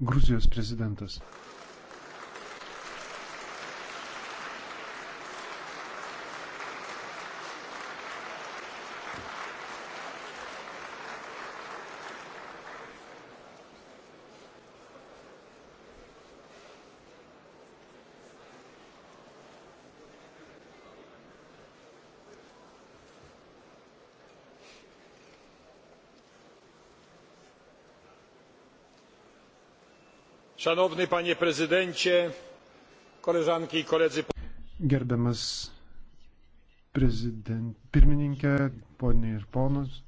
Gruzijos prezidentas. Šanovni panie prezidentė, koleżanki i koledzy. Gerbiamas prezident, pirmininkė, poniai ir ponos,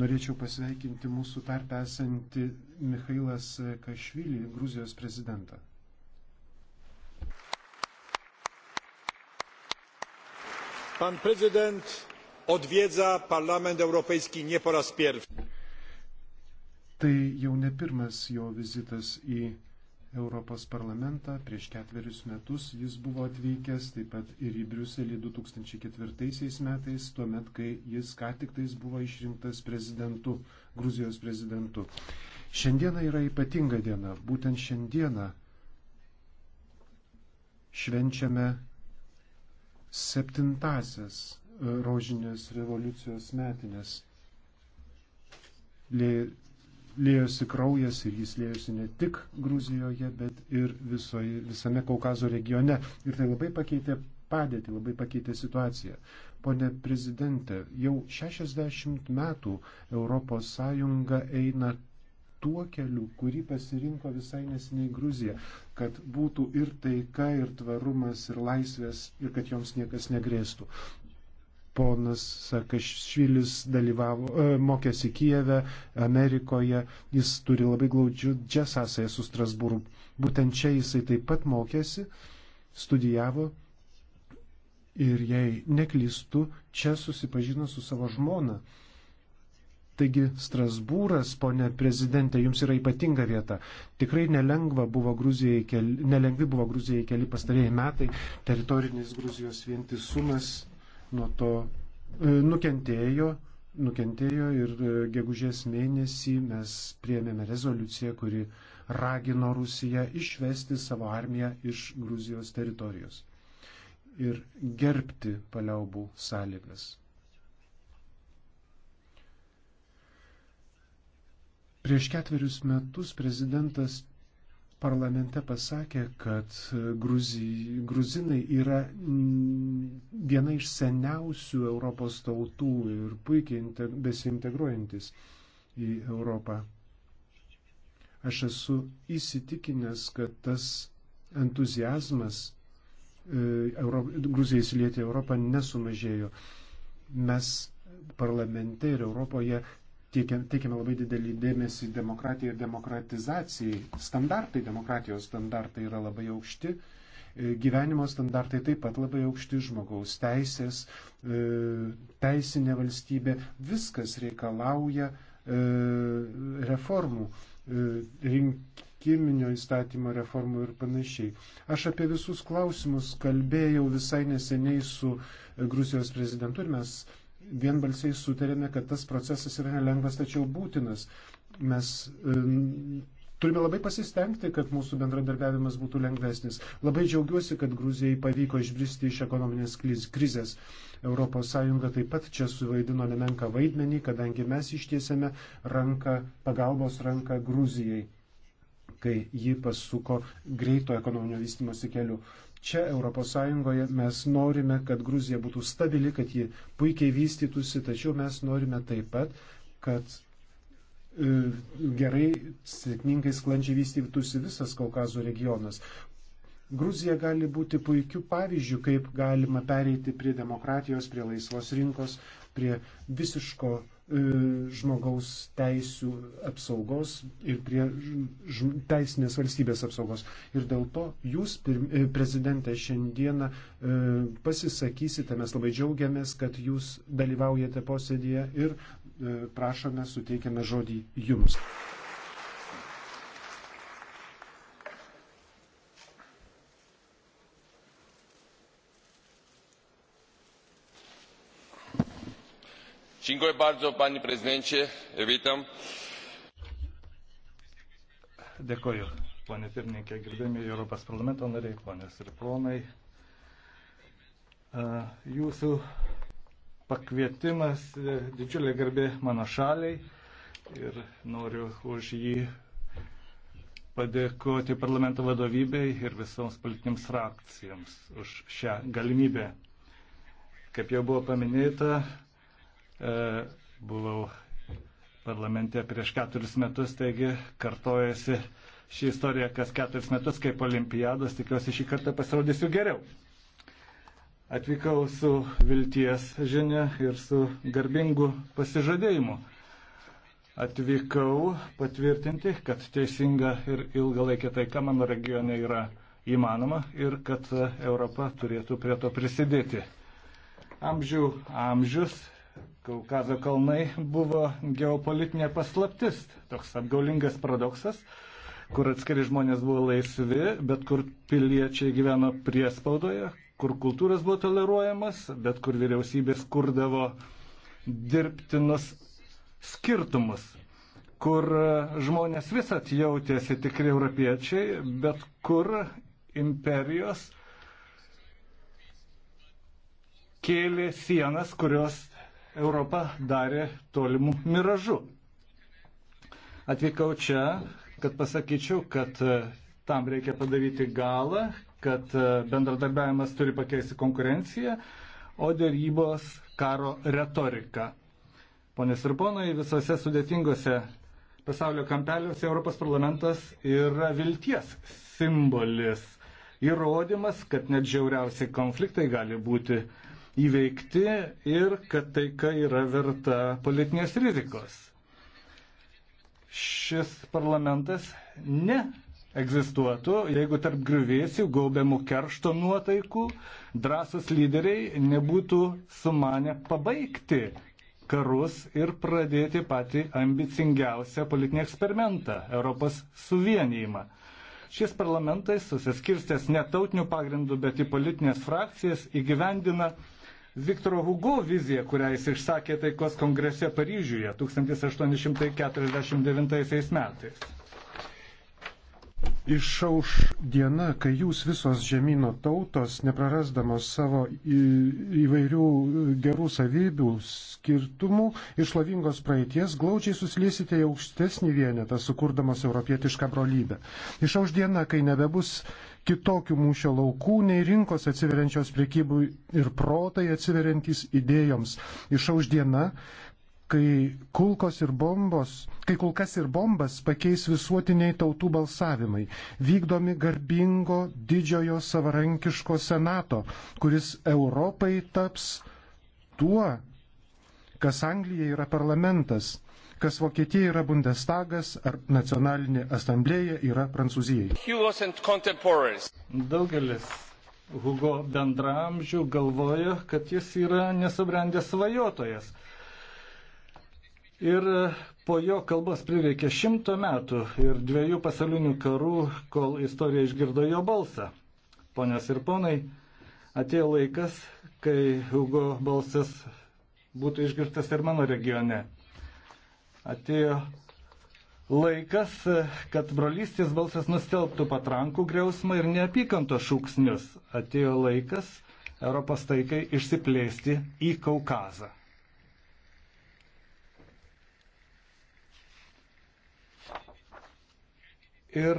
norėčiau pasveikinti mūsų tarpe esantį Mikhailas Kašvilį, Gruzijos prezidentą. Pan prezydent odwiedza Parlament Europejski nie po raz pierwszy. Tai jau ne pirmas jo vizitas į Europos parlamentą. Prieš ketverius metus jis buvo atvykęs taip pat ir į Briuselį 2004 metais, tuomet, kai jis ką tik tais buvo išrinktas prezidentu, Gruzijos prezidentu. Šiandiena yra ypatinga diena. Būtent šiandieną švenčiame septintasias e, rožinės revoliucijos metinės lėjosi kraujas ir jis lėjosi ne tik Gruzijoje, bet ir visoje, visame Kaukazo regione. Ir tai labai pakeitė padėtį, labai pakeitė situaciją. Pone prezidente, jau 60 metų ES eina tuo keliu, kurį pasirinko visai nesiniai Gruzija, kad būtų ir taika, ir tvarumas, ir laisvės, ir kad joms niekas negrėstų. Ponas Sarkašvilis dalyvavo, e, mokėsi Kijeve, Amerikoje, jis turi labai glaudžių džesąsąją su Strasbūru. Būtent čia jisai taip pat mokėsi, studijavo ir jei neklystu, čia susipažino su savo žmona. Taigi Strasbūras, ponė prezidentė, jums yra ypatinga vieta. Tikrai nelengva buvo Gruzijai keli, nelengvi buvo Gruzijai keli pastarėjai metai, teritorinis Gruzijos vientisumas nuo to e, nukentėjo, nukentėjo ir e, gegužės mėnesį mes priėmėme rezoliuciją, kuri ragino Rusiją išvesti savo armiją iš Gruzijos teritorijos ir gerbti paliaubų sąlygas. Prieš ketverius metus prezidentas parlamente pasakė, kad Gruzi, gruzinai yra viena iš seniausių Europos tautų ir puikiai besintegruojantis į Europą. Aš esu įsitikinęs, kad tas entuzijazmas e, Euro, Gruzijai įsilieti Europą nesumažėjo. Mes parlamente ir Europoje teikiame labai didelį dėmesį demokratijai ir demokratizacijai. Standartai, demokratijos standartai yra labai aukšti, e, gyvenimo standartai taip pat labai aukšti, žmogaus teisės, e, teisinė valstybė, viskas reikalauja e, reformų, rinkiminio įstatymo reformų ir panašiai. Aš apie visus klausimus kalbėjau visai neseniai su Gruzijos prezidentu ir mes vienbalsiai sutarėme, kad tas procesas yra nelengvas, tačiau būtinas. Mes turime labai pasistengti, kad mūsų bendradarbiavimas būtų lengvesnis. Labai džiaugiuosi, kad Gruzijai pavyko išbristi iš ekonominės krizės. ES taip pat čia suvaidino nemenką vaidmenį, kadangi mes ištiesėme ranką, pagalbos ranką Gruzijai, kai ji pasuko greito ekonominio vystimosi keliu. Čia ES mes norime, kad Gruzija būtų stabili, kad ji puikiai vystytųsi, tačiau mes norime taip pat, kad e, gerai, sėkmingai, sklandžiai vystytųsi visas Kaukazo regionas. Gruzija gali būti puikiu pavyzdžiu, kaip galima pereiti prie demokratijos, prie laisvos rinkos, prie visiško E, žmogaus teisų apsaugos ir prie teisinės valstybės apsaugos. Ir dėl to jūs, e, prezidentė, šiandieną e, pasisakysite, mes labai džiaugiamės, kad jūs dalyvaujate posėdėje ir prašome, suteikiame žodį jums. Dziękuję bardzo, pani prezidentė, vytam. Dėkoju, ponė pirmininkė, gerbėmi Europos parlamento nariai, ponės ir ponai. Jūsų pakvietimas e, didžiulė garbė mano šaliai ir noriu už jį padėkoti parlamento vadovybei ir visoms politinėms frakcijams už šią galimybę. Kaip jau buvo paminėta, E, buvau parlamente prieš keturis metus, taigi kartojasi ši istorija kas keturis metus kaip olimpiados, tikiuosi šį kartą pasirodysiu geriau. Atvykau su vilties žinia ir su garbingu pasižadėjimu. Atvykau patvirtinti, kad teisinga ir ilgalaikė taika mano regione yra įmanoma ir kad Europa turėtų prie to prisidėti. Amžių amžius Kaukazo kalnai buvo geopolitinė paslaptis, toks apgaulingas paradoksas, kur atskiri žmonės buvo laisvi, bet kur piliečiai gyveno priespaudoje, kur kultūras buvo toleruojamas, bet kur vyriausybės kurdavo dirbtinus skirtumus, kur žmonės visat jautėsi tikri europiečiai, bet kur imperijos kėlė sienas, kurios Europa darė tolimų miražų. Atvykau čia, kad pasakyčiau, kad e, tam reikia padaryti galą, kad e, bendradarbiavimas turi pakeisti konkurenciją, o dėrybos karo retoriką. Ponės ir ponai, visose sudėtingose pasaulio kampeliuose Europos parlamentas yra vilties simbolis. Įrodymas, kad net žiauriausi konfliktai gali būti įveikti ir kad taika yra verta politinės rizikos. Šis parlamentas ne egzistuotų, jeigu tarp grįvėsių gaubiamų keršto nuotaikų drąsus lyderiai nebūtų sumanę pabaigti karus ir pradėti patį ambicingiausią politinį eksperimentą - Europos suvienijimą. Šis parlamentas, susiskirstęs ne tautiniu pagrindu, bet į politinės frakcijas, įgyvendina Viktoro Hugo viziją, kurią jis išsakė taikos kongrese Paryžiuje 1849 metais. Išauš diena, kai jūs visos žemynų tautos, neprarasdamos savo į, įvairių gerų savybių skirtumų, išlavingos praeities, glaudžiai susiliesite į aukštesnį vienetą, sukurdamos europietišką brolybę. Išauš diena, kai nebebus kitokių mūšio laukų nei rinkos atsiveriančios priekybų ir protai atsiveriantys idėjoms. Išauž diena, kai, kulkos ir bombos, kai kulkas ir bombas pakeis visuotiniai tautų balsavimai, vykdomi garbingo didžiojo savarankiško senato, kuris Europai taps tuo, kas Anglija yra parlamentas kas Vokietija yra Bundestagas ar nacionalinė asamblėja yra Prancūzijai. Daugelis Hugo bendramžių galvoja, kad jis yra nesubrendęs svajotojas. Ir e, po jo kalbos prireikė šimto metų ir dviejų pasaulinių karų, kol istorija išgirdo jo balsą. Ponios ir ponai, atėjo laikas, kai Hugo balsas būtų išgirtas ir mano regione atėjo laikas, kad brolystės balsas nustelbtų patrankų griausmą ir neapykanto šūksnius. Atėjo laikas Europos taikai išsiplėsti į Kaukazą. Ir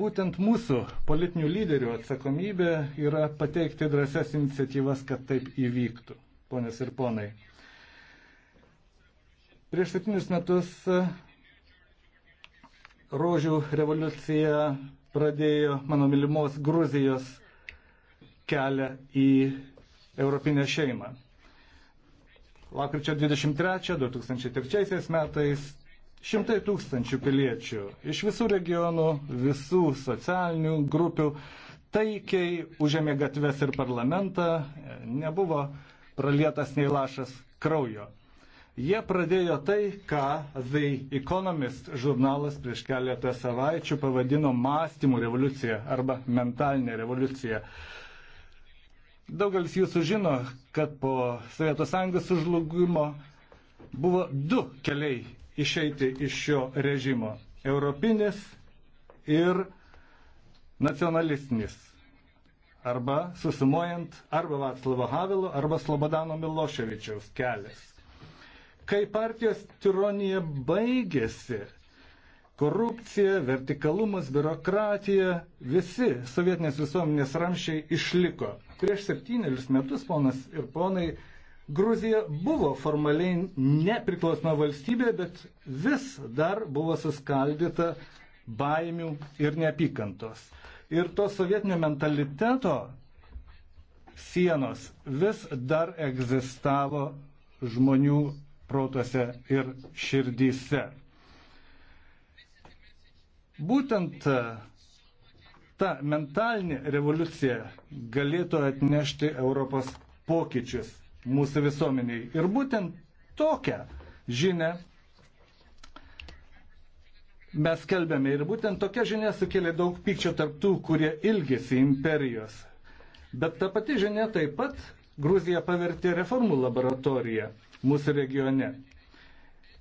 būtent mūsų politinių lyderių atsakomybė yra pateikti drąsias iniciatyvas, kad taip įvyktų. Ponės ir ponai, Prieš septynis metus e, rožių revoliucija pradėjo mano mylimos Gruzijos kelią į Europinę šeimą. Lapkričio 23-2003 metais šimtai tūkstančių piliečių iš visų regionų, visų socialinių grupių taikiai užėmė gatves ir parlamentą, nebuvo pralietas nei lašas kraujo. Jie pradėjo tai, ką The Economist žurnalas prieš keletą savaičių pavadino mąstymų revoliucija arba mentalinė revoliucija. Daugelis jūsų žino, kad po Sovietų sąjungos sužlugimo buvo du keliai išeiti iš šio režimo - europinis ir nacionalistinis. Arba susumuojant arba Vaclavo Havilo, arba Slobodano Miloševičiaus kelias kai partijos tironija baigėsi. Korupcija, vertikalumas, biurokratija, visi sovietinės visuomenės ramšiai išliko. Prieš septynerius metus, ponas ir ponai, Gruzija buvo formaliai nepriklausoma valstybė, bet vis dar buvo suskaldyta baimių ir neapykantos. Ir to sovietinio mentaliteto sienos vis dar egzistavo žmonių protuose ir širdyse. Būtent e, ta mentalinė revoliucija galėtų atnešti Europos pokyčius mūsų visuomeniai. Ir būtent tokią žinę mes kelbėme. Ir būtent tokia žinia sukėlė daug pykčio tarptų, kurie ilgėsi imperijos. Bet ta pati žinia taip pat Gruzija pavertė reformų laboratoriją mūsų regione.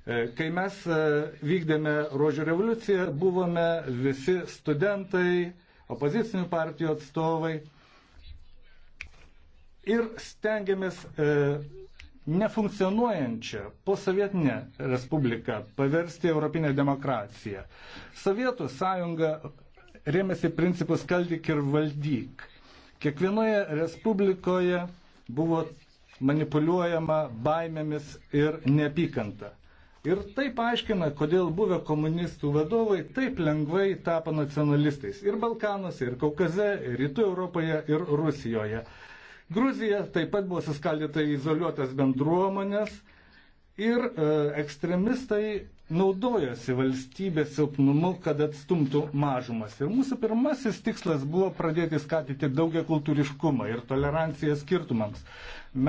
E, kai mes e, vykdėme rožių revoliuciją, buvome visi studentai, opozicinių partijų atstovai ir stengiamės e, nefunkcionuojančią posovietinę respubliką paversti Europinę demokraciją. Sovietų sąjunga rėmėsi principus skaldyk ir valdyk. Kiekvienoje respublikoje buvo manipuliuojama baimėmis ir neapykanta. Ir tai paaiškina, kodėl buvę komunistų vadovai taip lengvai tapo nacionalistais ir Balkanuose, ir Kaukaze, ir Rytų Europoje, ir Rusijoje. Gruzija taip pat buvo suskaldyta į izoliuotas bendruomonės ir e, ekstremistai naudojosi valstybės silpnumu, kad atstumtų mažumas. Ir mūsų pirmasis tikslas buvo pradėti skatyti daugia kultūriškumą ir toleranciją skirtumams.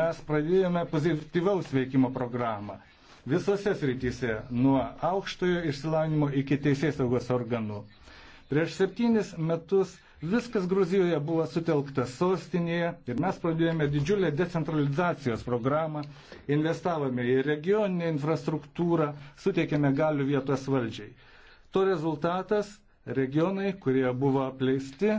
Mes pradėjome pozityvaus veikimo programą visose srityse, nuo aukštojo išsilavinimo iki teisės saugos organų. Prieš septynis metus Viskas Gruzijoje buvo sutelkta sostinėje ir mes pradėjome didžiulę decentralizacijos programą, investavome į regioninę infrastruktūrą, suteikėme galių vietos valdžiai. To rezultatas - regionai, kurie buvo apleisti,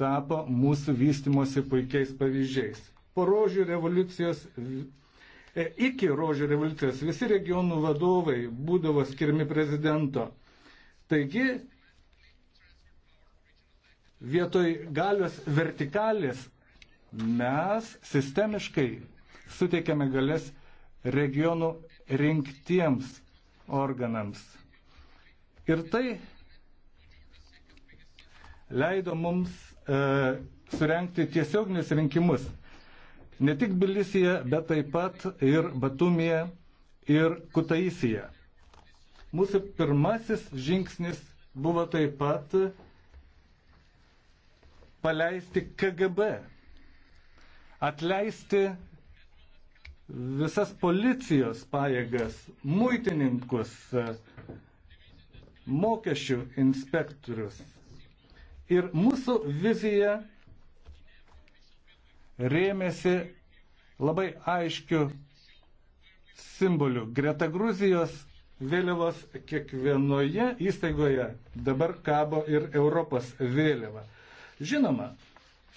tapo mūsų vystimosi puikiais pavyzdžiais. Po rožių revoliucijos e, iki rožių revoliucijos visi regionų vadovai būdavo skirmi prezidento. Taigi vietoj galios vertikalės mes sistemiškai suteikiame galės regionų rinktiems organams. Ir tai leido mums e, surenkti tiesioginius rinkimus. Ne tik Bilisija, bet taip pat ir Batumija ir Kutaisija. Mūsų pirmasis žingsnis buvo taip pat paleisti KGB, atleisti visas policijos pajėgas, muitininkus, mokesčių inspektorius. Ir mūsų vizija rėmėsi labai aiškiu simboliu. Greta Gruzijos vėliavos kiekvienoje įstaigoje dabar kabo ir Europos vėliava. Žinoma,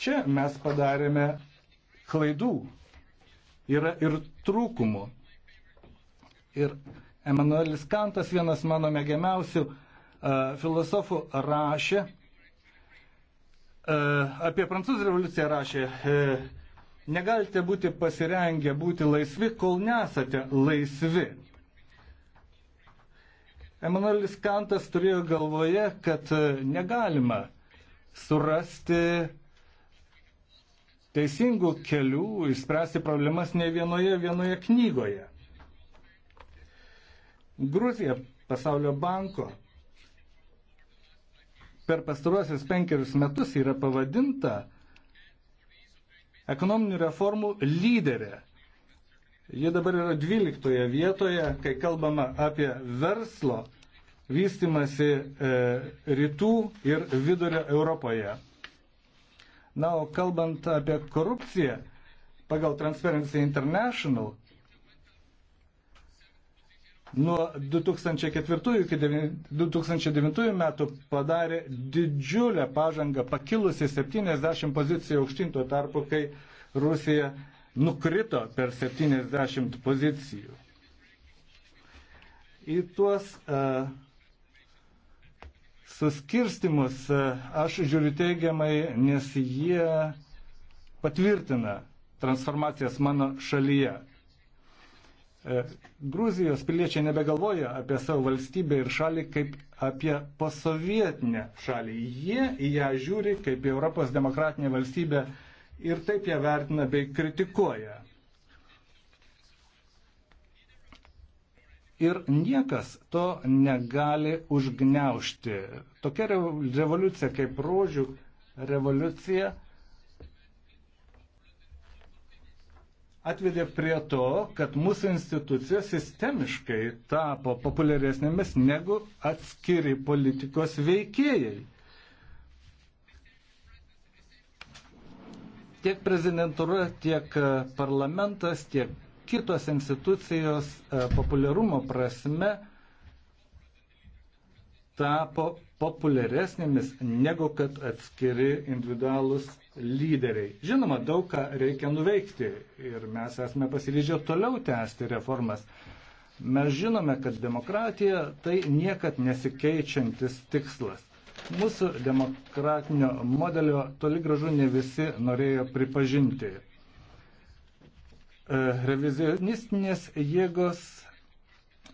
čia mes padarėme klaidų, yra ir trūkumų. Ir Emanuelis Kantas, vienas mano mėgiamiausių uh, filosofų, rašė, uh, apie prancūzų revoliuciją rašė, uh, negalite būti pasirengę būti laisvi, kol nesate laisvi. Emanuelis Kantas turėjo galvoje, kad e, negalima uh, surasti teisingų kelių, išspręsti problemas ne vienoje vienoje knygoje. Gruzija pasaulio banko per pastaruosius penkerius metus yra pavadinta ekonominių reformų lyderė. Ji dabar yra 12 vietoje, kai kalbama apie verslo vystimasi e, rytų ir vidurio Europoje. Na, o kalbant apie korupciją, pagal Transparency International nuo 2004 iki 2009 metų padarė didžiulę pažangą, pakilusi 70 pozicijų aukštyn tuo tarpu, kai Rusija nukrito per 70 pozicijų. Į tuos uh, suskirstimus e, aš žiūriu teigiamai, nes jie patvirtina transformacijas mano šalyje. E, Gruzijos piliečiai nebegalvoja apie savo valstybę ir šalį kaip apie posovietinę šalį. Jie į ją žiūri kaip į Europos demokratinę valstybę ir taip ją vertina bei kritikuoja. ir niekas to negali užgneušti. Tokia revoliucija kaip rožių revoliucija atvedė prie to, kad mūsų institucijos sistemiškai tapo populiaresnėmis negu atskiri politikos veikėjai. Tiek prezidentūra, tiek parlamentas, tiek kitos institucijos e, populiarumo prasme tapo populiaresnėmis negu kad atskiri individualūs lyderiai. Žinoma, daug ką reikia nuveikti ir mes esame pasiryžę toliau tęsti reformas. Mes žinome, kad demokratija tai niekad nesikeičiantis tikslas. Mūsų demokratinio modelio toli gražu ne visi norėjo pripažinti. E, revizionistinės jėgos,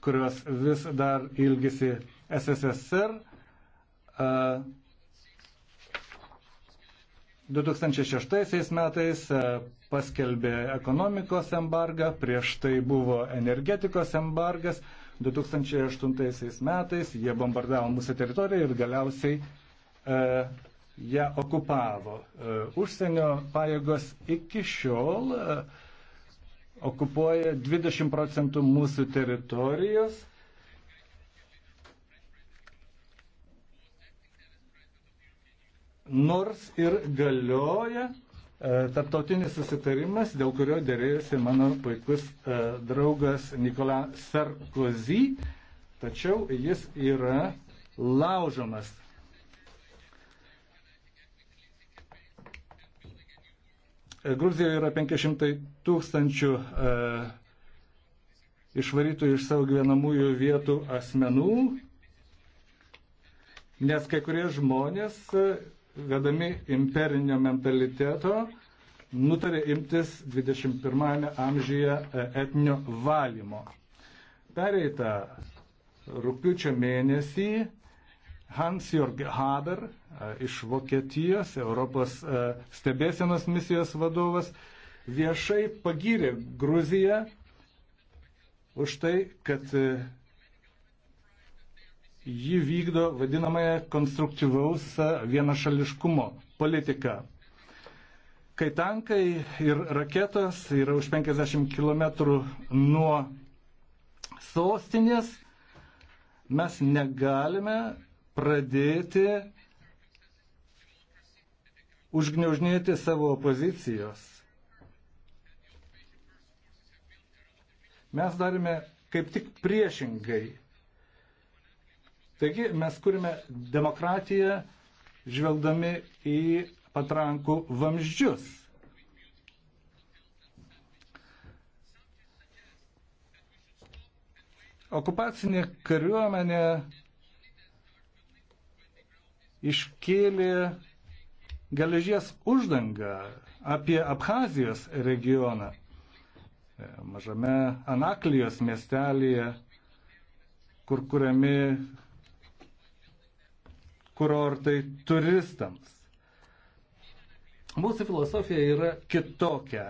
kurios vis dar ilgisi SSSR, 2006 e, metais e, paskelbė ekonomikos embargą, prieš tai buvo energetikos embargas, 2008 metais jie bombardavo mūsų teritoriją ir galiausiai e, ją okupavo. E, užsienio pajėgos iki šiol e, okupuoja 20 procentų mūsų teritorijos. Nors ir galioja e, tarptautinis susitarimas, dėl kurio dėrėjosi mano puikus e, draugas Nikola Sarkozy, tačiau jis yra laužomas E, Gruzijoje yra 500 tūkstančių e, išvarytų iš savo gyvenamųjų vietų asmenų, nes kai kurie žmonės, e, vedami imperinio mentaliteto, nutarė imtis 21 amžyje etnio valymo. Pereitą rūpiučio mėnesį Hans Jörg Haber, iš Vokietijos, Europos e, stebėsienos misijos vadovas, viešai pagyrė Gruziją už tai, kad e, ji vykdo vadinamąją konstruktyvaus e, vienašališkumo politiką. Kai tankai ir raketos yra už 50 km nuo sostinės, mes negalime pradėti užgniaužinėti savo pozicijos. Mes darėme kaip tik priešingai. Taigi mes kūrime demokratiją, žvelgdami į patrankų vamzdžius. Okupacinė kariuomenė iškėlė geležies uždangą, apie Abhazijos regioną. E, mažame Anaklijos miestelėje, kur kuriami kurortai turistams. Mūsų filosofija yra kitokia.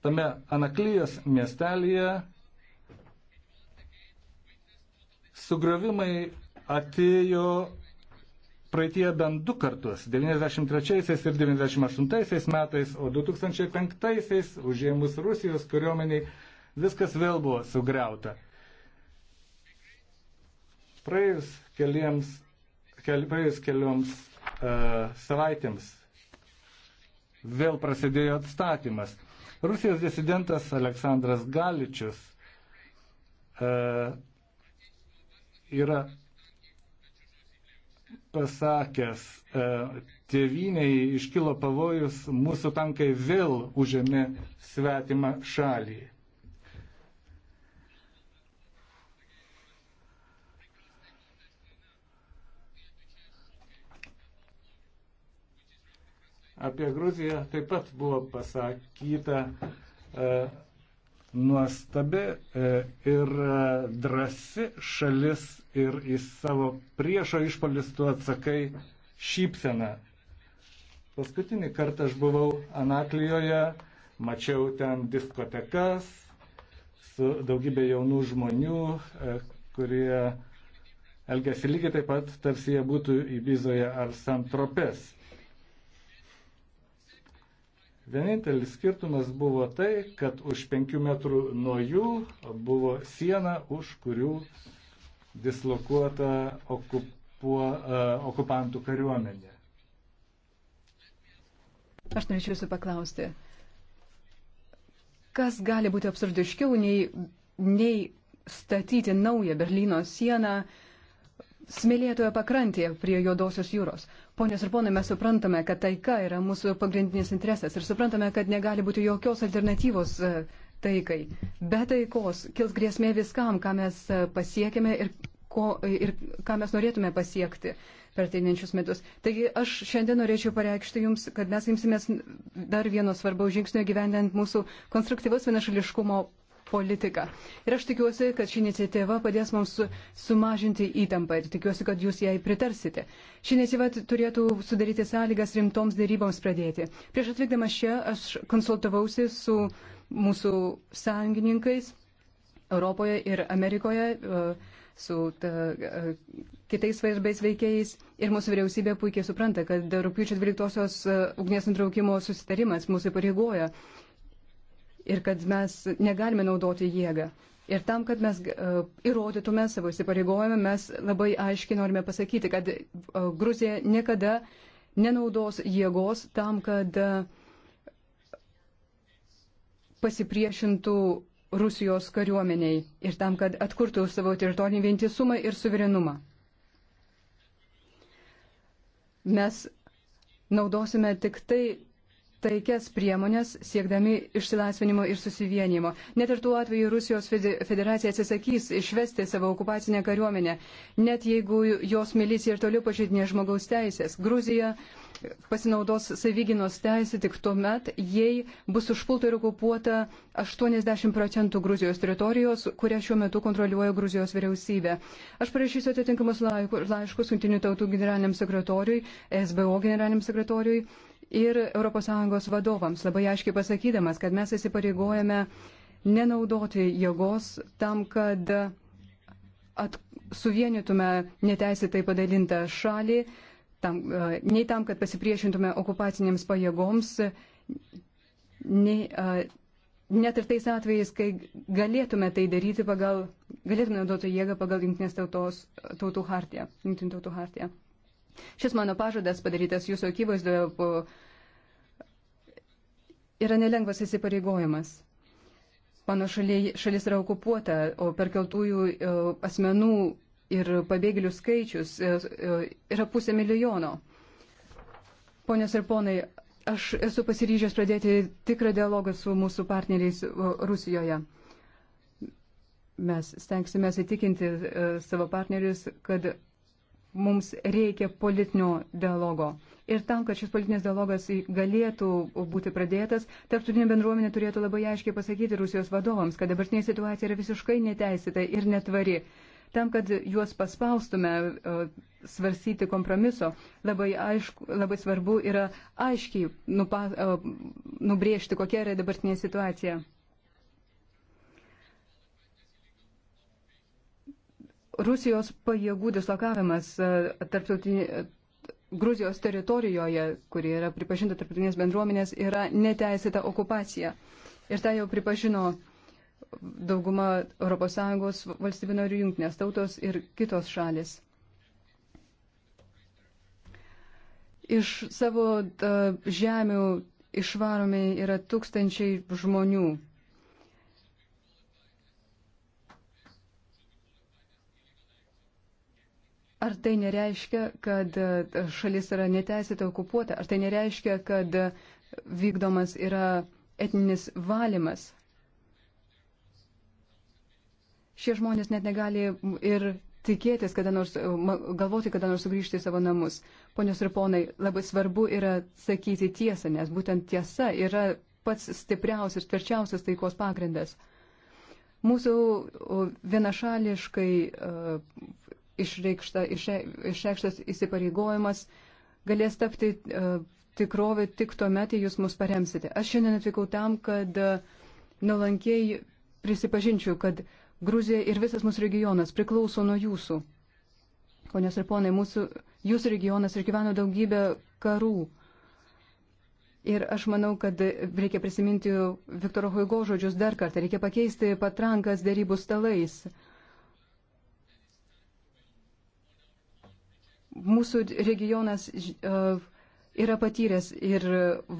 Tame Anaklijos miestelėje sugravimai atėjo praeitie bent du kartus - 93-aisiais ir 98-aisiais metais, o 2005-aisiais užėmus Rusijos kariuomeniai viskas vėl buvo sugriauta. Praėjus, keliems, kel, praėjus kelioms uh, savaitėms vėl prasidėjo atstatymas. Rusijos disidentas Aleksandras Galičius uh, yra pasakęs, e, tėviniai iškilo pavojus, mūsų tankai vėl užėmė svetimą šalį. Apie Gruziją taip pat buvo pasakyta e, nuostabi e, ir e, drasi šalis ir į savo priešo išpolius tu atsakai šypseną. Paskutinį kartą aš buvau Anaklijoje, mačiau ten diskotekas su daugybė jaunų žmonių, e, kurie elgesi lygiai taip pat, tarsi jie būtų Ibizoje ar Santropės. Vienintelis skirtumas buvo tai, kad už penkių metrų nuo jų buvo siena, už kurių dislokuota okupuo, e, okupantų kariuomenė. Aš norėčiau jūsų paklausti, kas gali būti absurdiškiau nei, nei statyti naują Berlyno sieną uh, smėlėtoje pakrantėje prie Juodosios jūros. Ponios ir ponai, mes suprantame, kad taika yra mūsų pagrindinis interesas ir suprantame, kad negali būti jokios alternatyvos e, taikai. Be taikos kils grėsmė viskam, ką mes e, pasiekime ir, ko, ir ką mes norėtume pasiekti per ateinančius metus. Taigi aš šiandien norėčiau pareikšti Jums, kad mes imsimės dar vieno svarbaus žingsnio gyvendant mūsų konstruktyvus vienašališkumo politiką. Ir aš tikiuosi, kad ši iniciatyva padės mums sumažinti įtampą ir tikiuosi, kad jūs jai pritarsite. Ši iniciatyva turėtų sudaryti sąlygas rimtoms dėryboms pradėti. Prieš atvykdama čia aš konsultavausi su mūsų sąjungininkais Europoje ir Amerikoje. Uh, su ta, e, kitais svarbiais veikėjais. Ir mūsų vyriausybė puikiai supranta, kad rūpiučio 12-osios e, ugnies nutraukimo susitarimas mūsų pareigoja ir kad mes negalime naudoti jėgą. Ir tam, kad mes uh, įrodytume savo įsipareigojimą, mes labai aiškiai norime pasakyti, kad uh, Gruzija niekada nenaudos jėgos tam, kad uh, pasipriešintų Rusijos kariuomeniai ir tam, kad atkurtų savo teritorinį vientisumą ir suverenumą. Mes naudosime tik tai taikias priemonės siekdami išsilaisvinimo ir susivienimo. Net ir tuo atveju Rusijos federacija atsisakys išvesti savo okupacinę kariuomenę, net jeigu jos milicija ir toliau pažydinė žmogaus teisės. Gruzija pasinaudos savyginos teisė tik tuo met, jei bus užpulta ir okupuota 80 procentų Gruzijos teritorijos, kurią šiuo metu kontroliuoja Gruzijos vyriausybė. Aš parašysiu atitinkamus laiškus Junktinių tautų generaliniam sekretoriui, SBO generaliniam sekretoriui ir ES vadovams, labai aiškiai pasakydamas, kad mes įsipareigojame nenaudoti jėgos tam, kad at, suvienytume neteisėtai padalintą šalį, tam, e, nei tam, kad pasipriešintume okupacinėms pajėgoms, nei, e, net ir tais atvejais, kai galėtume tai daryti pagal, galėtume naudoti jėgą pagal Junktinės tautos, tautų hartiją. Junktinių tautų hartiją. Šis mano pažadas padarytas jūsų akivaizdoje po... yra nelengvas įsipareigojimas. Mano šaly, šalis yra okupuota, o perkeltųjų e, asmenų ir pabėgėlių skaičius e, e, yra pusė milijono. Ponios ir ponai, aš esu pasiryžęs pradėti tikrą dialogą su mūsų partneriais Rusijoje. Mes stengsime įtikinti savo partnerius, kad mums reikia politinio dialogo. Ir tam, kad šis politinis dialogas galėtų būti pradėtas, tarptautinė bendruomenė turėtų labai aiškiai pasakyti Rusijos vadovams, kad dabartinė situacija yra visiškai neteisėta ir netvari. Tam, kad juos paspaustume e, svarsyti kompromiso, labai, aišku, labai svarbu yra aiškiai nupa, e, nubrėžti, kokia yra dabartinė situacija. Rusijos pajėgų dislokavimas e, tarptautinė. Gruzijos teritorijoje, kuri yra pripažinta tarptautinės bendruomenės, yra neteisėta okupacija. Ir tai jau pripažino dauguma ES valstybių narių jungtinės tautos ir kitos šalis. Iš savo e, žemių išvaromi yra tūkstančiai žmonių, Ar tai nereiškia, kad e, šalis yra neteisėtai okupuota? Ar tai nereiškia, kad e, vykdomas yra etninis valymas? Šie žmonės net negali ir tikėtis, kada nors, e, galvoti, kada nors sugrįžti į savo namus. Ponios ir ponai, labai svarbu yra sakyti tiesą, nes būtent tiesa yra pats stipriausias, tvirčiausias taikos pagrindas. Mūsų vienašališkai uh, išreikšta, išre, išreikštas įsipareigojimas galės tapti e, tikrovė tik tuo metu, jūs mus paremsite. Aš šiandien atvykau tam, kad e, nuolankiai prisipažinčiau, kad Gruzija ir visas mūsų regionas priklauso nuo jūsų. Ponios ir ponai, mūsų, jūsų regionas išgyveno daugybę karų. Ir aš manau, kad reikia prisiminti Viktoro Huigo žodžius dar kartą, reikia pakeisti patrankas dėrybų stalais. Mūsų regionas e, yra patyręs ir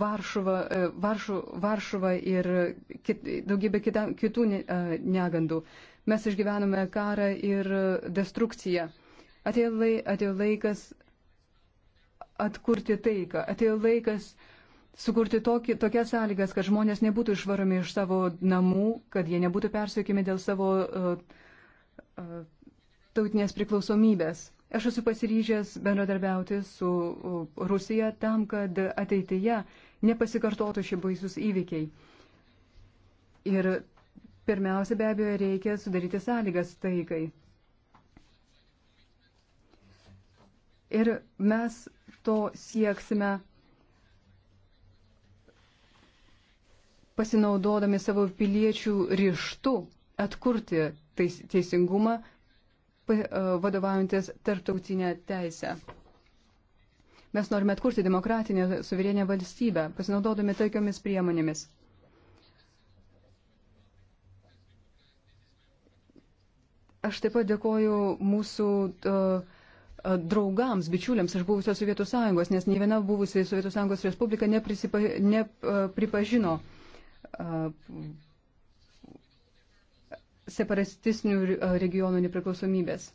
Varšuva, e, Varšu, Varšuva ir kit, daugybė kita, kitų e, negandų. Mes išgyvenome karą ir destrukciją. Atėjo, lai, atėjo laikas atkurti taiką. Atėjo laikas sukurti tokį, tokias sąlygas, kad žmonės nebūtų išvaromi iš savo namų, kad jie nebūtų persiekimi dėl savo uh, uh, tautinės priklausomybės. Aš esu pasiryžęs bendradarbiauti su Rusija tam, kad ateityje nepasikartotų šie baisus įvykiai. Ir pirmiausia, be abejo, reikia sudaryti sąlygas taikai. Ir mes to sieksime pasinaudodami savo piliečių ryštu atkurti teisingumą, E, vadovaujantis tarptautinę teisę. Mes norime atkurti demokratinę suverenę valstybę, pasinaudodami taikiomis priemonėmis. Aš taip pat dėkoju mūsų uh, draugams, bičiuliams iš buvusios Sovietų sąjungos, nes ne viena buvusi Sovietų sąjungos respublika nepripažino uh, separatistinių regionų nepriklausomybės.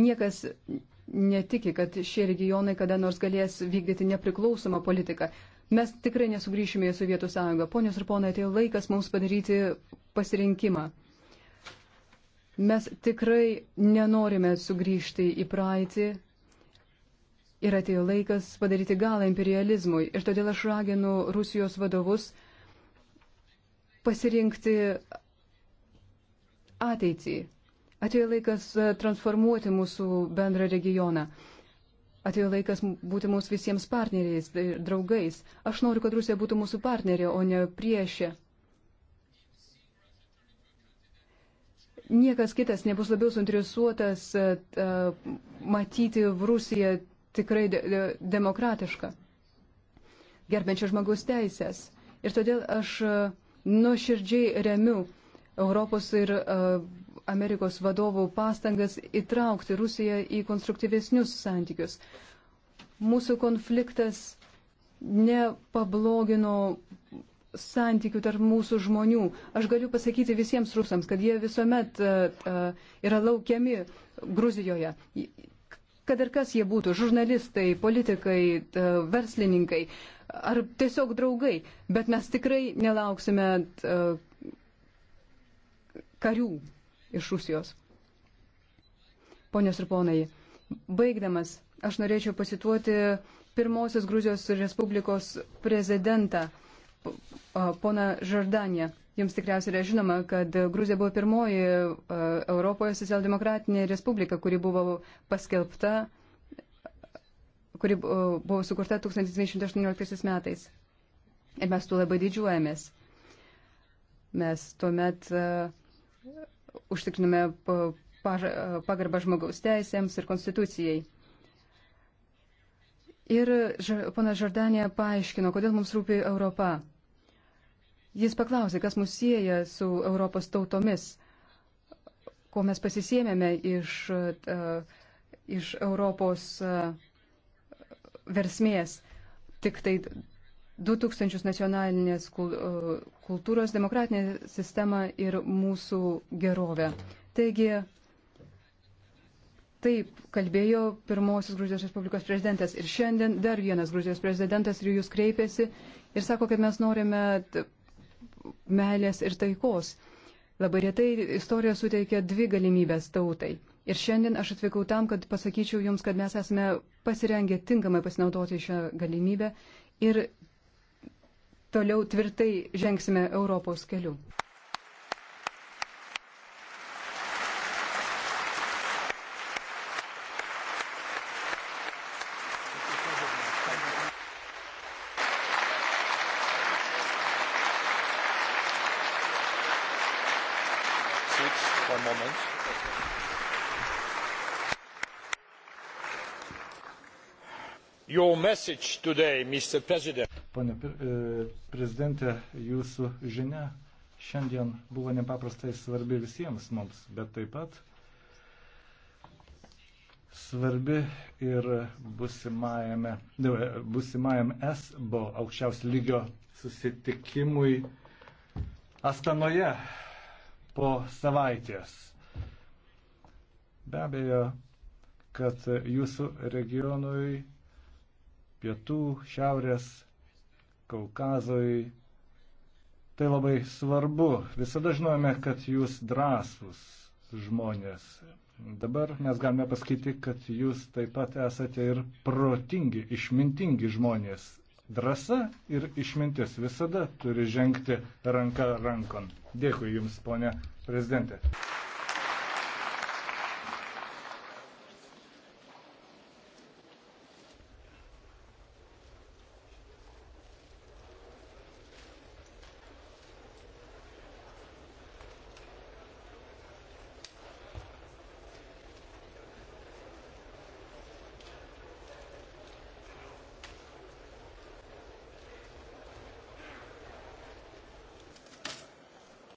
Niekas netiki, kad šie regionai kada nors galės vykdyti nepriklausomą politiką. Mes tikrai nesugrįšime į Sovietų sąjungą. Ponios ir ponai, atėjo laikas mums padaryti pasirinkimą. Mes tikrai nenorime sugrįžti į praeitį ir atėjo laikas padaryti galą imperializmui. Ir todėl aš raginu Rusijos vadovus pasirinkti ateitį. Atėjo laikas e, transformuoti mūsų bendrą regioną. Atėjo laikas būti mūsų visiems partneriais, draugais. Aš noriu, kad Rusija būtų mūsų partnerė, o ne priešė. Niekas kitas nebus labiau suinteresuotas e, e, matyti Rusiją tikrai de de demokratišką, gerbiančią žmogaus teisės. Ir todėl aš uh, nuoširdžiai remiu Europos ir uh, Amerikos vadovų pastangas įtraukti Rusiją į konstruktyvesnius santykius. Mūsų konfliktas nepablogino santykių tarp mūsų žmonių. Aš galiu pasakyti visiems rusams, kad jie visuomet e, e, yra laukiami Gruzijoje. Kad ir kas jie būtų - žurnalistai, politikai, verslininkai ar tiesiog draugai, bet mes tikrai nelauksime e, karių iš Rusijos. Ponios ir ponai, baigdamas, aš norėčiau pasituoti pirmosios Gruzijos Respublikos prezidentą, pona Žardanė. Jums tikriausiai yra žinoma, kad Gruzija buvo pirmoji e, Europoje socialdemokratinė respublika, kuri buvo paskelbta kuri e, buvo sukurta 1918 metais. Ir mes tuo labai didžiuojamės. Mes tuomet uh, e, užtikriname e, pagarbą žmogaus teisėms ir konstitucijai. Ir pana Žardanė paaiškino, kodėl mums rūpi Europa. Jis paklausė, kas mus sieja su Europos tautomis, ko mes pasisėmėme iš, uh, iš Europos uh, versmės tik tai 2000 nacionalinės e, kultūros, demokratinė sistema ir mūsų gerovė. Taigi, Taip, kalbėjo pirmosios Gruzijos Respublikos prezidentas ir šiandien dar vienas Gruzijos prezidentas ir jūs kreipėsi ir sako, kad mes norime meilės ir taikos. Labai retai istorija suteikia dvi galimybės tautai. Ir šiandien aš atvykau tam, kad pasakyčiau Jums, kad mes esame pasirengę tinkamai pasinaudoti šią galimybę ir toliau tvirtai žengsime Europos keliu. today, Pane e, prezidente, jūsų žinia šiandien buvo nepaprastai svarbi visiems mums, bet taip pat svarbi ir busimajame, busimajam SBO aukščiausio lygio susitikimui Astanoje po savaitės. Be abejo, kad jūsų regionui pietų, šiaurės, Kaukazoj. Tai labai svarbu. Visada žinojame, kad jūs drąsus žmonės. Dabar mes galime pasakyti, kad jūs taip pat esate ir protingi, išmintingi žmonės. Drasa ir išmintis visada turi žengti ranka rankon. Dėkui Jums, ponė prezidentė.